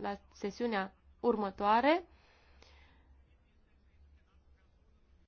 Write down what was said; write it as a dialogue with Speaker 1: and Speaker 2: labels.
Speaker 1: la sesiunea următoare